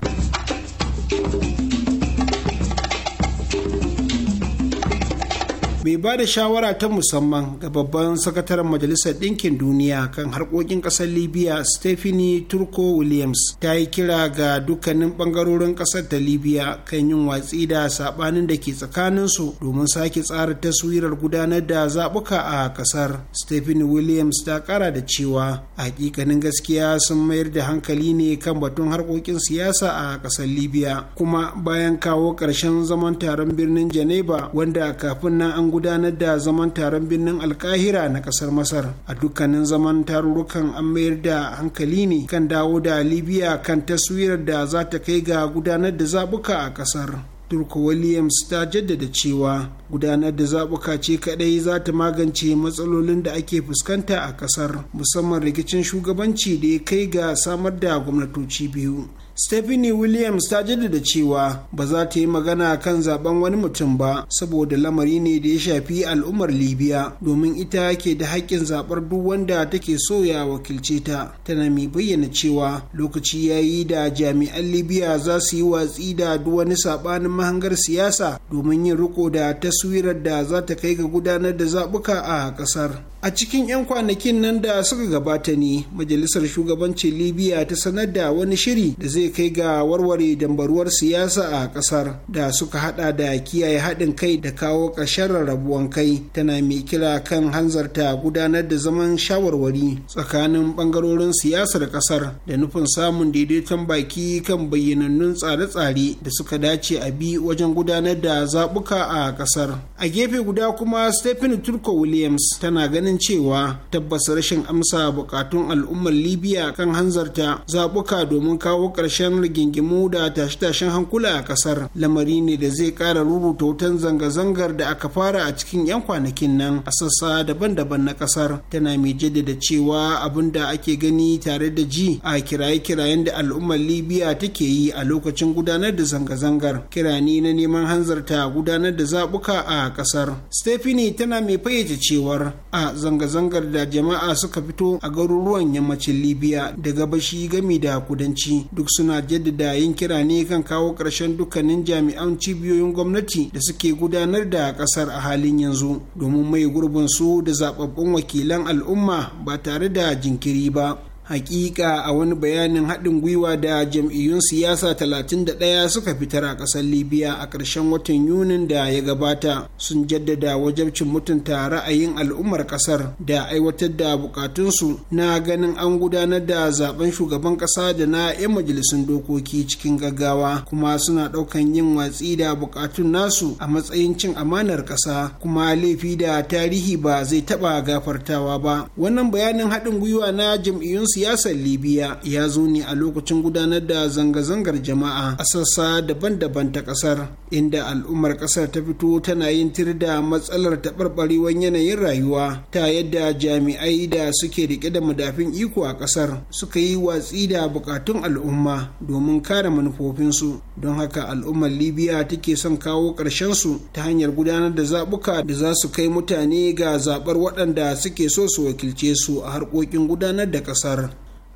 Mai ba da shawara ta musamman ga babban sakataren majalisar ɗinkin duniya kan harkokin ƙasar libya stephanie turko williams ta yi kira ga dukkanin ɓangarorin ƙasar ta libya kan yin watsi da saɓanin da ke tsakaninsu domin sake tsara taswirar gudanar da zaɓuka a ƙasar stephanie williams ta ƙara da cewa hakikanin gaskiya sun mayar da hankali ne kan batun harkokin siyasa a ƙasar libya kuma bayan kawo ƙarshen zaman taron birnin janeba wanda kafin nan an gudanar da zaman taron birnin alkahira na kasar masar a dukkanin zaman tarurrukan an mayar da hankali ne kan dawo da libya kan taswirar da za ta kai ga gudanar da zabuka a kasar Turko Williams ta jaddada cewa gudanar da zabuka ce kaɗai za ta magance matsalolin da ake fuskanta a kasar musamman rikicin shugabanci da ya kai ga samar da gwamnatoci biyu. stephanie williams ta jaddada cewa ba za ta yi magana kan zaben wani mutum ba saboda lamari ne da ya shafi al'ummar libya domin ita ke da haƙƙin zaɓar duk wanda take so ya wakilce ta tana mai bayyana cewa lokaci ya yi da jami'an libya za su yi watsi da duk wani saɓanin mahangar siyasa domin yin riko da taswirar da za ta kai ga gudanar da zaɓuka a ƙasar a cikin 'yan kwanakin nan da suka gabata ne majalisar shugabancin libya ta sanar da wani shiri da zai kai ga warware dambaruwar siyasa a kasar da suka hada da kiyaye haɗin kai da kawo ƙarshen rabuwan kai tana mai kira kan hanzarta gudanar da zaman shawarwari tsakanin ɓangarorin siyasar kasar da nufin samun daidaiton baki kan bayyanannun tsare-tsare da suka dace a bi wajen gudanar da zaɓuka a kasar a gefe guda kuma stephen turko williams tana ganin ganin cewa tabbas rashin amsa bukatun al'ummar libya kan hanzarta zaɓuka domin kawo ƙarshen rigingimu da tashe-tashen hankula a ƙasar lamari ne da zai ƙara rubuta wutan zanga-zangar da aka fara a cikin 'yan kwanakin nan a sassa daban-daban na ƙasar tana mai jaddada cewa abin da ake gani tare da ji a kiraye-kirayen da al'ummar libya take yi a lokacin gudanar da zanga-zangar kirani na neman hanzarta gudanar da zaɓuka a ƙasar stephanie tana mai fayyace cewar a zanga-zangar da jama'a suka fito a garuruwan yammacin libya da gabashi gami da kudanci duk suna jaddada yin kira ne kan kawo ƙarshen dukkanin jami'an cibiyoyin gwamnati da suke gudanar da ƙasar a halin yanzu domin mai gurbin su da zababbun wakilan al'umma ba tare da jinkiri ba hakika a wani bayanin haɗin gwiwa da jam'iyyun siyasa 31 suka fitar a ƙasar libya a ƙarshen watan yunin da ya gabata sun jaddada wajabcin mutunta ra'ayin al'ummar ƙasar da aiwatar da buƙatunsu, na ganin an gudanar da zaben shugaban ƙasa da na 'yan majalisun dokoki cikin gaggawa kuma suna ɗaukan yin watsi da buƙatun nasu a matsayin cin amanar ƙasa kuma laifi da tarihi ba zai taɓa gafartawa ba wannan bayanin haɗin gwiwa na jam'iyyun siyasa siyasar libya ya zo ne a lokacin gudanar da zanga-zangar jama'a a sassa daban-daban ta kasar inda al'ummar kasar ta fito tana yin tir da matsalar taɓarɓarewar yanayin rayuwa ta yadda jami'ai da suke rike da madafin iko a kasar suka yi watsi da bukatun al'umma domin kare manufofinsu don haka al'ummar libya take son kawo su ta hanyar gudanar da zaɓuka da za su kai mutane ga zaɓar waɗanda suke so su wakilce su a harkokin gudanar da ƙasar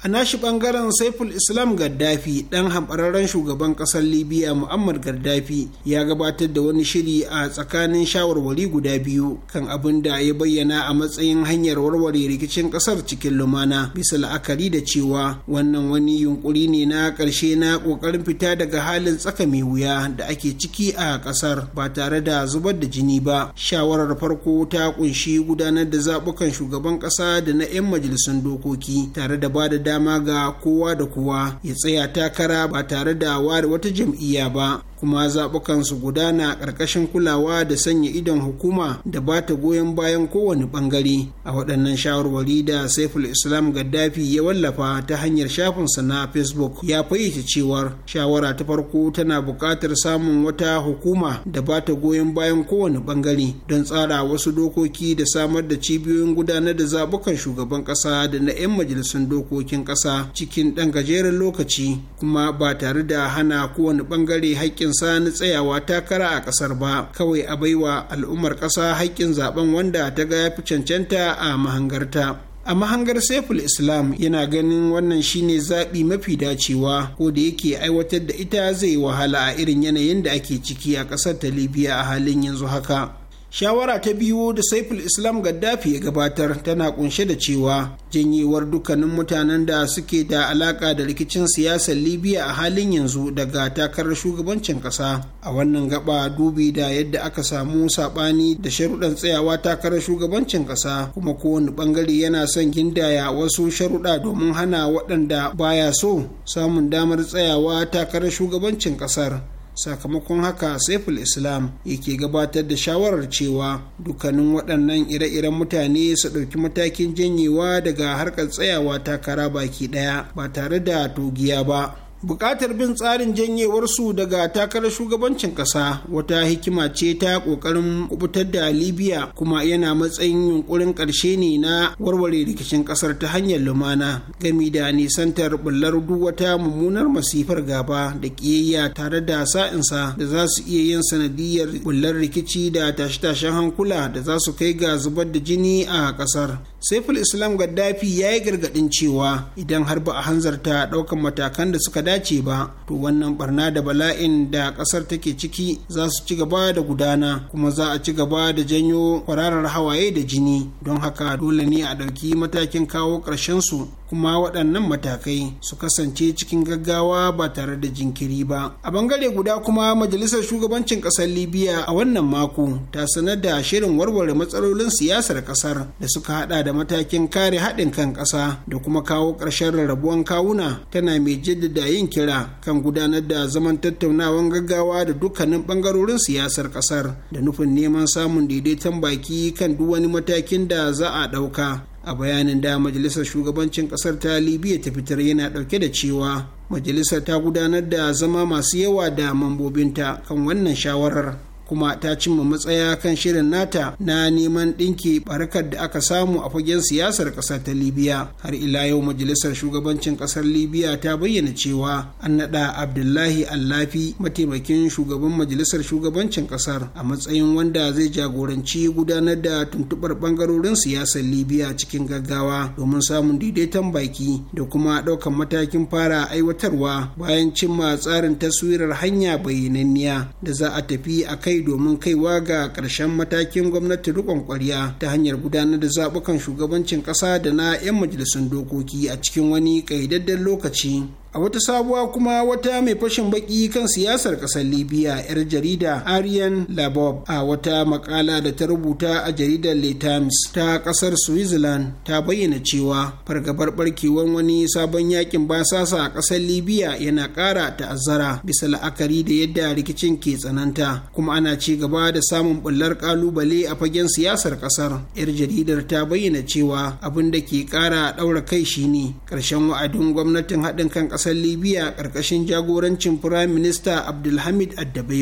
a nashi bangaren saiful islam gaddafi dan hambararren shugaban kasar libya muhammad gaddafi ya gabatar da wani shiri a tsakanin shawarwari guda biyu kan abin da ya bayyana a matsayin hanyar warware rikicin kasar cikin lumana bisa la'akari da cewa wannan wani yunkuri ne na ƙarshe na ƙoƙarin fita daga halin tsaka mai wuya da ake ciki a ƙasar, ba tare da zubar da jini ba shawarar farko ta kunshi gudanar da zaɓukan shugaban ƙasa da na 'yan majalisun dokoki tare da ba da dama ga kowa da kowa ya tsaya takara ba tare da ware wata jam'iyya ba kuma zaɓukan su gudana a ƙarƙashin kulawa da sanya idon hukuma da ba ta goyon bayan kowane ɓangare a waɗannan shawarwari da saiful islam gaddafi ya wallafa ta hanyar shafinsa na facebook ya fayyace cewar shawara ta farko tana buƙatar samun wata hukuma da ba ta goyon bayan kowane ɓangare don tsara wasu dokoki da samar da cibiyoyin gudanar da zaɓukan shugaban ƙasa da na 'yan majalisun dokokin ƙasa cikin ɗan gajeren lokaci kuma ba tare da hana kowane ɓangare haƙƙin haƙƙinsa na tsayawa takara a ƙasar ba kawai a baiwa al'ummar ƙasa haƙƙin zaben wanda ta ga ya fi cancanta a mahangarta a mahangar saiful islam yana ganin wannan shine zaɓi mafi dacewa ko da yake aiwatar da ita zai wahala a irin yanayin da ake ciki a ƙasar ta libya a halin yanzu haka shawara ta biyu da saiful islam gaddafi ya gabatar tana kunshe da cewa janyewar dukkanin mutanen da suke da alaka da rikicin siyasar libya a halin yanzu daga takarar shugabancin kasa a wannan gaba dubi da yadda aka samu sabani da sharuɗan tsayawa takarar shugabancin kasa kuma kowane bangare yana son gindaya wasu sharuɗa domin hana waɗanda baya so samun damar tsayawa takarar shugabancin kasar sakamakon haka saiful islam yake gabatar da shawarar cewa dukkanin waɗannan ire-iren mutane su ɗauki matakin janyewa daga harkar tsayawa takara baki ɗaya ba tare da togiya ba bukatar bin tsarin janyewar su daga takarar shugabancin ƙasa wata hikima ce ta ƙoƙarin kubutar da libya kuma yana matsayin yunkurin ƙarshe ne na warware rikicin ƙasar ta hanyar lumana gami da nisantar bullar duk wata mummunar masifar gaba da ƙiyayya tare da sa'insa da za su iya yin sanadiyar bullar rikici da tashe-tashen hankula da za su kai ga zubar da jini a ƙasar saiful islam gaddafi ya yi gargadin cewa idan har ba a hanzarta daukan matakan da suka dace ba to wannan barna da bala'in da kasar take ciki za su ci gaba da gudana kuma za a ci gaba da janyo kwararar hawaye da jini don haka dole ne a ɗauki matakin kawo ƙarshen su kuma waɗannan matakai su kasance cikin gaggawa ba tare da jinkiri ba a bangare guda kuma majalisar shugabancin ƙasar libya a wannan mako ta sanar da shirin warware matsalolin siyasar ƙasar da suka haɗa da matakin kare haɗin kan ƙasa da kuma kawo ƙarshen rarrabuwan kawuna tana mai jaddada yin kira kan gudanar da zaman tattaunawan gaggawa da dukkanin ɓangarorin siyasar ƙasar da nufin neman samun daidaiton baki kan duk wani matakin da za a ɗauka a bayanin da majalisar shugabancin kasar ta libya ta fitar yana dauke da cewa majalisar ta gudanar da zama masu yawa da mambobinta kan wannan shawarar kuma ta cimma matsaya kan shirin nata na neman ɗinki barkar da aka samu a fagen siyasar ƙasar ta libya har ila yau majalisar shugabancin ƙasar libya ta bayyana cewa an naɗa abdullahi allafi mataimakin shugaban majalisar shugabancin ƙasar a matsayin wanda zai jagoranci gudanar da tuntuɓar ɓangarorin siyasar libya cikin gaggawa domin samun daidaiton baki da kuma ɗaukan matakin fara aiwatarwa bayan cimma tsarin taswirar hanya bayyananniya da za a tafi a kai kai domin kaiwa ga ƙarshen matakin gwamnati rikon kwarya ta hanyar gudanar da zaɓukan shugabancin ƙasa da na 'yan majalisun dokoki a cikin wani ƙayyadadden lokaci a wata sabuwa kuma wata mai fashin baki kan siyasar kasar libya yar jarida arian labob a wata makala da ta rubuta a jaridar le times ta kasar switzerland ta bayyana cewa fargabar barkewar wani sabon yakin basasa a kasar libya yana kara ta'azzara bisa la'akari da yadda rikicin ke tsananta kuma ana ci gaba da samun bullar kalubale a fagen siyasar kasar yar jaridar ta bayyana cewa abin da ke kara daura kai shine ƙarshen wa'adin gwamnatin haɗin kan kasar kasar libya ƙarƙashin jagorancin firayim minista abdulhamid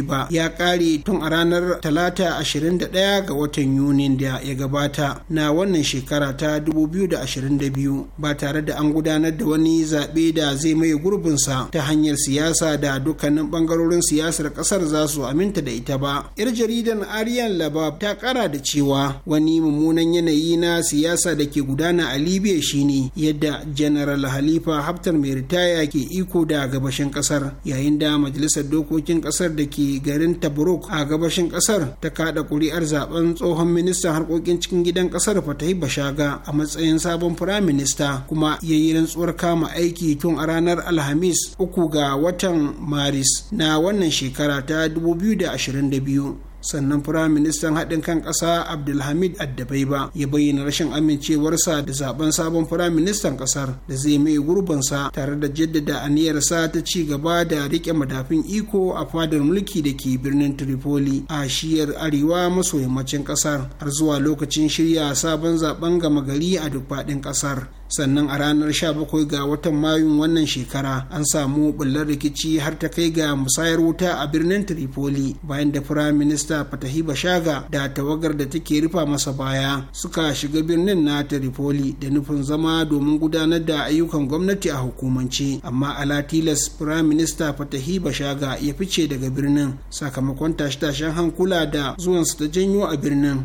ba. ya kare tun a ranar talata 21 ga watan yuni da ya gabata na wannan shekara ta 2022 ba tare da an gudanar da wani zaɓe da zai mai gurbinsa ta hanyar siyasa da dukkanin ɓangarorin siyasar ƙasar za su aminta da ita ba yar jaridan aryan labab ta ƙara da cewa wani mummunan yanayi na siyasa da ke gudana a libya shine yadda general halifa haftar mai ritaya ke iko da gabashin kasar yayin da majalisar dokokin kasar da ke garin tabrok a gabashin kasar ta kada kuri'ar zaben tsohon ministan harkokin cikin gidan kasar fatahi bashaga a matsayin sabon firaminista kuma ya yi kama aiki tun a ranar alhamis uku ga watan maris na wannan shekara ta 2022 sannan firaministan haɗin kan ƙasa abdulhamid addabai ba ya bayyana rashin amincewarsa da zaben sabon firaministan ƙasar da zai mai gurbansa tare da jaddada aniyarsa ta ci gaba da riƙe madafin iko a fadar mulki da ke birnin tripoli a shiyar arewa maso yammacin ƙasar har zuwa lokacin shirya sabon zaben gama gari a duk faɗin ƙasar sannan a ranar 17 ga watan mayun wannan shekara an samu bullar rikici har ta kai ga musayar wuta a birnin tripoli bayan da firayim minista fatahi bashaga da tawagar da take rufa masa baya suka shiga birnin na tripoli da nufin zama domin gudanar da ayyukan gwamnati a hukumance amma alatilas tilas firayim minista fatahi bashaga ya fice daga birnin sakamakon tashe-tashen hankula da zuwansa ta janyo a birnin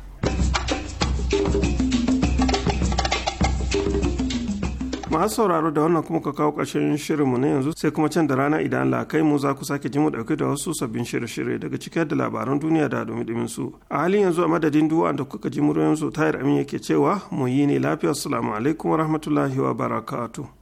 masu sauraro da wannan kuma ka kawo ƙarshen shirinmu na yanzu sai kuma can da rana idan Allah kai mu za ku sake ji mu dauke da wasu sabbin shirye-shirye daga cikin da labaran duniya da dumi su a halin yanzu a madadin duwa da kuka ji muryoyin su tayar amin yake cewa mu yi ne lafiya assalamu alaikum wa rahmatullahi wa barakatu.